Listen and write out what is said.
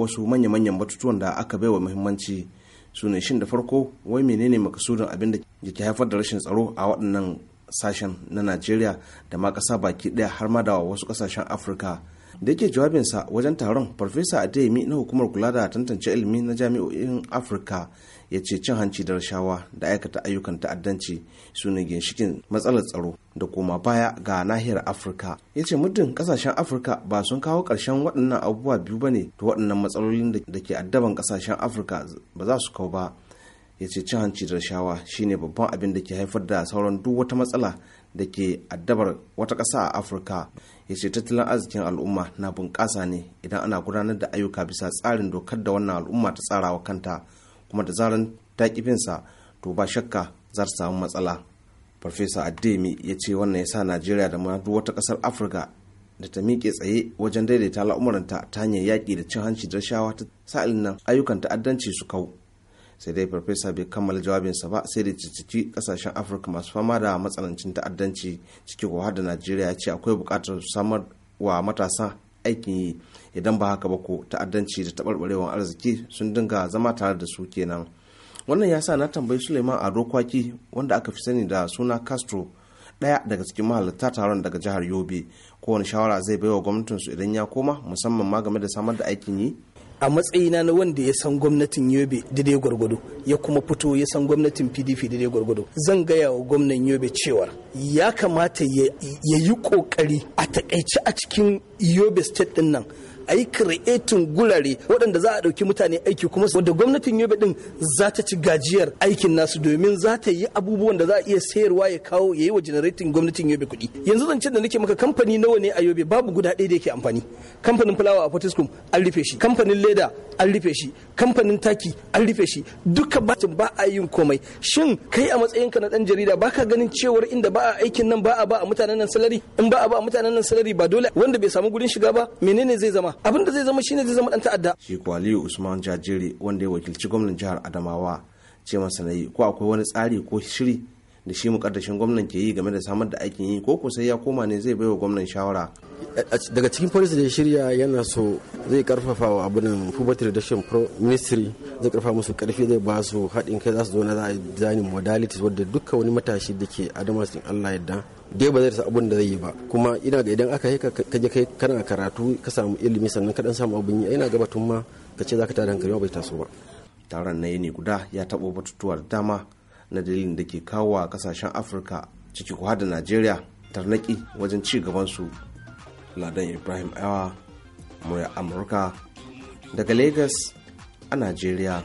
wasu manya-manyan batutuwan da aka baiwa muhimmanci su ne shin da farko wai menene makasudin abin da ke haifar da rashin tsaro a waɗannan sashen na najeriya da ma ƙasa baki ɗaya har ma da wasu kasashen afirka da yake jawabinsa wajen taron farfesa adeyemi na hukumar kula da tantance ilimi na jami'o'in afirka ya ce cin hanci da rashawa da aikata ayyukan ta'addanci su ne ginshikin matsalar tsaro da koma baya ga nahiyar afirka ya ce muddin kasashen afirka ba sun kawo ƙarshen waɗannan abubuwa biyu ba ne to waɗannan matsalolin da ke addaban kasashen afirka ba za su kau ba ya ce cin hanci da rashawa shine babban abin da ke haifar da sauran duk wata matsala da ke addabar wata ƙasa a afirka ya ce tattalin arzikin al'umma na bunƙasa ne idan ana gudanar da ayyuka bisa tsarin dokar da wannan al'umma ta tsarawa kanta kuma da zarar ta sa to ba shakka za ta samu matsala farfesa addemi ya ce wannan ya sa najeriya da ma duk wata ƙasar afirka da ta miƙe tsaye wajen daidaita al'umuranta ta hanyar yaƙi da cin hanci da rashawa ta sa'ilin nan ayyukan ta'addanci su kau sai dai farfesa bai kammala jawabinsa ba sai da cicici kasashen afirka masu fama da matsanancin ta'addanci ciki ko har da najeriya ya ce akwai bukatar samar wa matasa aikin yi idan ba haka ba ko ta'addanci da taɓarɓarewar arziki sun dinga zama tare da su kenan wannan ya sa na tambayi suleiman ado kwaki wanda aka fi sani da suna castro ɗaya daga cikin mahalarta taron daga jihar yobe kowane shawara zai baiwa gwamnatinsu idan ya koma musamman ma game da samar da aikin yi a matsayina na wanda ya san gwamnatin yobe daidai gwargwado ya kuma fito ya san gwamnatin pdp daidai gwargwado zan gaya wa gwamnan yobe cewa ya kamata ya yi kokari a takaice a cikin yobe state din nan a yi creating gulare waɗanda za a ɗauki mutane aiki kuma wadda gwamnatin yobe din za ta ci gajiyar aikin nasu domin za ta yi abubuwan da za a iya sayarwa ya kawo ya yi wa generating gwamnatin yobe kuɗi yanzu zan ce da nake maka kamfani nawa ne a yobe babu guda ɗaya da yake amfani kamfanin fulawa a potiskum an rufe shi kamfanin leda an rufe shi kamfanin taki an rufe shi duka batin ba a yin komai shin kai a matsayinka na dan jarida baka ganin cewar inda ba a aikin nan ba a ba a mutanen nan salari in ba a ba a mutanen nan salari ba dole wanda bai samu gurin shiga ba menene zai zama abin da zai zama shine zai zama dan ta'adda shi Aliyu Usman Jajiri wanda ya wakilci gwamnan jihar Adamawa ce masa nayi ko akwai wani tsari ko shiri da shi mukaddashin gwamnan ke yi game da samar da aikin yi ko sai ya koma ne zai baiwa gwamnan shawara daga cikin policy da ya shirya yana so zai karfafa wa abu abunan poverty reduction ministry zai karfafa musu karfi zai ba su haɗin kai za su zo na za a zani modalities wadda dukkan wani matashi da ke adama cikin allah yadda dai ba zai abun da zai yi ba kuma ina ga idan aka yi ka je kai kana karatu ka samu ilimi sannan ka dan samu abun yi ina gabatun ma ka ce za ka tada hankali ba bai taso ba taron na yini guda ya taɓo batutuwar dama na dalilin da ke kawo wa kasashen afirka ciki kuwa da najeriya tarnaki wajen ci gaban gabansu ladan ibrahim awa murya amurka daga lagos a najeriya